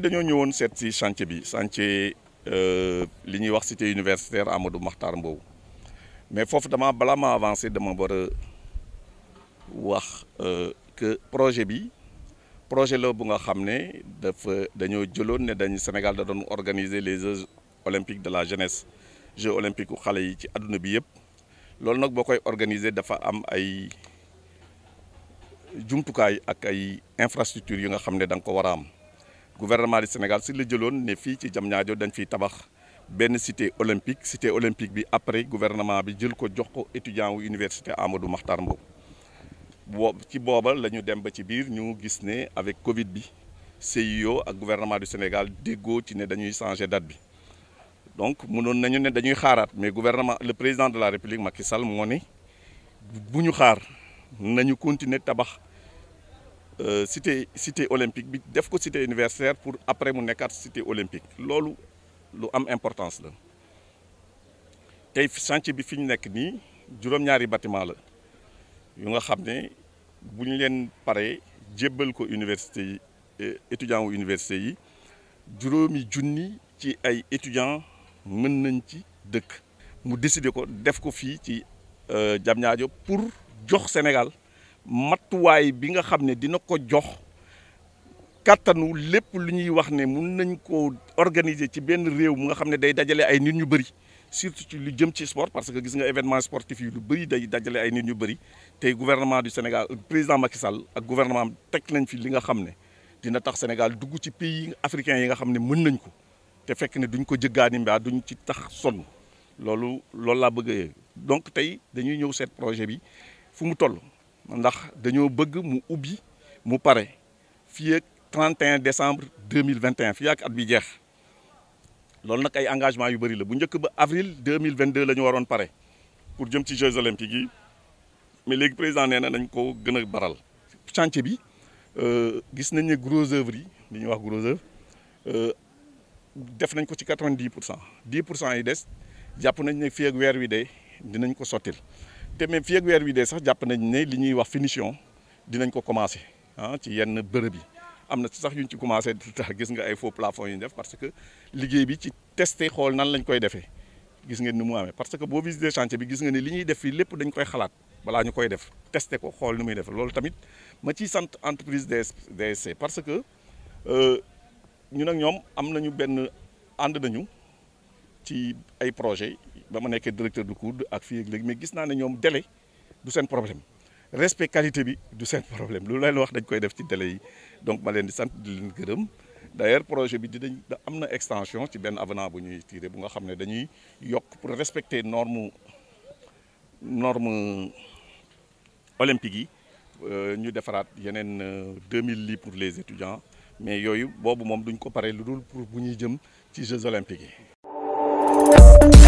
dañu dañoo ñëwoon seet si chantier bi chantier euh li ñuy wax cité universitaire Amadou makhtar Mbow mais fofu dama balaa ma avancé dama war wax euh que projet bi projet lo bu nga xamné ne dafa dañoo jëloon ne dañ Sénégal da doon organiser les Jeux olympiques de la jeunesse Jeux olympiques xalé yi ci aduna bi yépp lool nak bokoy organiser dafa am ay jumtukaay ak ay infrastructures yu nga xamné ne da nga ko war am gouvernement du Sénégal si le jëloon ne fii ci Diamniadio dañ fiy tabax ben cité olympique cité olympique bi après gouvernement bi jël ko jox ko étudiant wu université Amadou Mahtar Mbow boo ci booba la ñu dem ba ci avec Covid bi CIO ak gouvernement du Sénégal déggoo ci ne dañuy changer date bi donc mënoon nañu ne dañuy xaaraat mais gouvernement le président de la République Macky Sall moo ne bu ñu xaar nañu continuer tabax. Euh, cité cité olympique bi def ko cité universitaire pour après mu nekkaat cité olympique loolu lu am importance la tey chantier bi fi ñu nekk nii juróom-ñaari bâtiment la yu nga xam ne bu ñu leen ko université yi euh, étudiants université yi juróomi junni ci ay étudiants mën nañ ci dëkk mu décider ko def ko fii ci euh, pour jox Sénégal matuwaay bi nga xam ne dina ko jox kàttanu lépp lu ñuy wax ne mun nañ ko organiser ci benn réew mu nga xam ne day dajale ay nit ñu bëri surtout ci lu jëm ci sport parce que gis nga événement sportif yi lu bëri day dajale ay nit ñu bëri tey gouvernement du Sénégal euh, président Macky Sall ak gouvernement teg nañ fi li nga xam ne dina tax Sénégal dugg ci pays africains yi nga xam ne mën nañ ko te fekk ne duñ ko jëggaani mbaa duñ ci tax sonn loolu loolu laa bëgg donc tey dañuy ñëw seet projet bi fu mu toll ndax dañoo bëgg mu ubbi mu pare fii ak 31 décembre 2021 fii ak at bi jeex loolu nag ay engagement yu bari la bu njëkk ba avril vingt la lañu waroon pare pour jëm ci Jeux yi mais léegi président nee na nañ ko gën a baral chantier bi euh, gis nañ ne gros œuvre yi li ñuy wax gros œuvre euh, def nañ ko ci 90 pour cent 10 pour cent yi des jàpp nañ ne fii ak weer wi de dinañ ko sottil te même fii ak weer wi dee sax jàpp nañ ne li wax finition dinañ ko commencé hein ci yenn bërëb yi am na sax yuñ ci commencé tax gis nga ay faux plafond yu def parce que liggéey bi ci tester xol nan lañ koy defee gis ngeen ni mu amee parce que boo visité chantier bi gis nga ne li ñuy def fi lepp dañ koy xalaat bala ñu koy def tester ko xol ni muy def lolou tamit ma ci sante entreprise des DSC parce que euh ñun ak ñom amna ñu ben and nañu ci ay projet bama ma directeur du cours ak fi ak léegi mais gis na ne ñoom délai du sen problème respect qualité bi du sen problème lu lay wax dañ koy def ci délai donc ma leen di sante di leen gërëm d'ailleurs projet bi dinañ am na extension ci ben avenant bu ñuy tirer bu nga xamné dañuy yok pour respecter norme norme olympique yi euh, ñu defaraat yenen 2000 euh, lits pour les étudiants mais yoyu bobu mom duñ ko paré lu dul pour bu ñuy jëm ci Jeux olympiques yi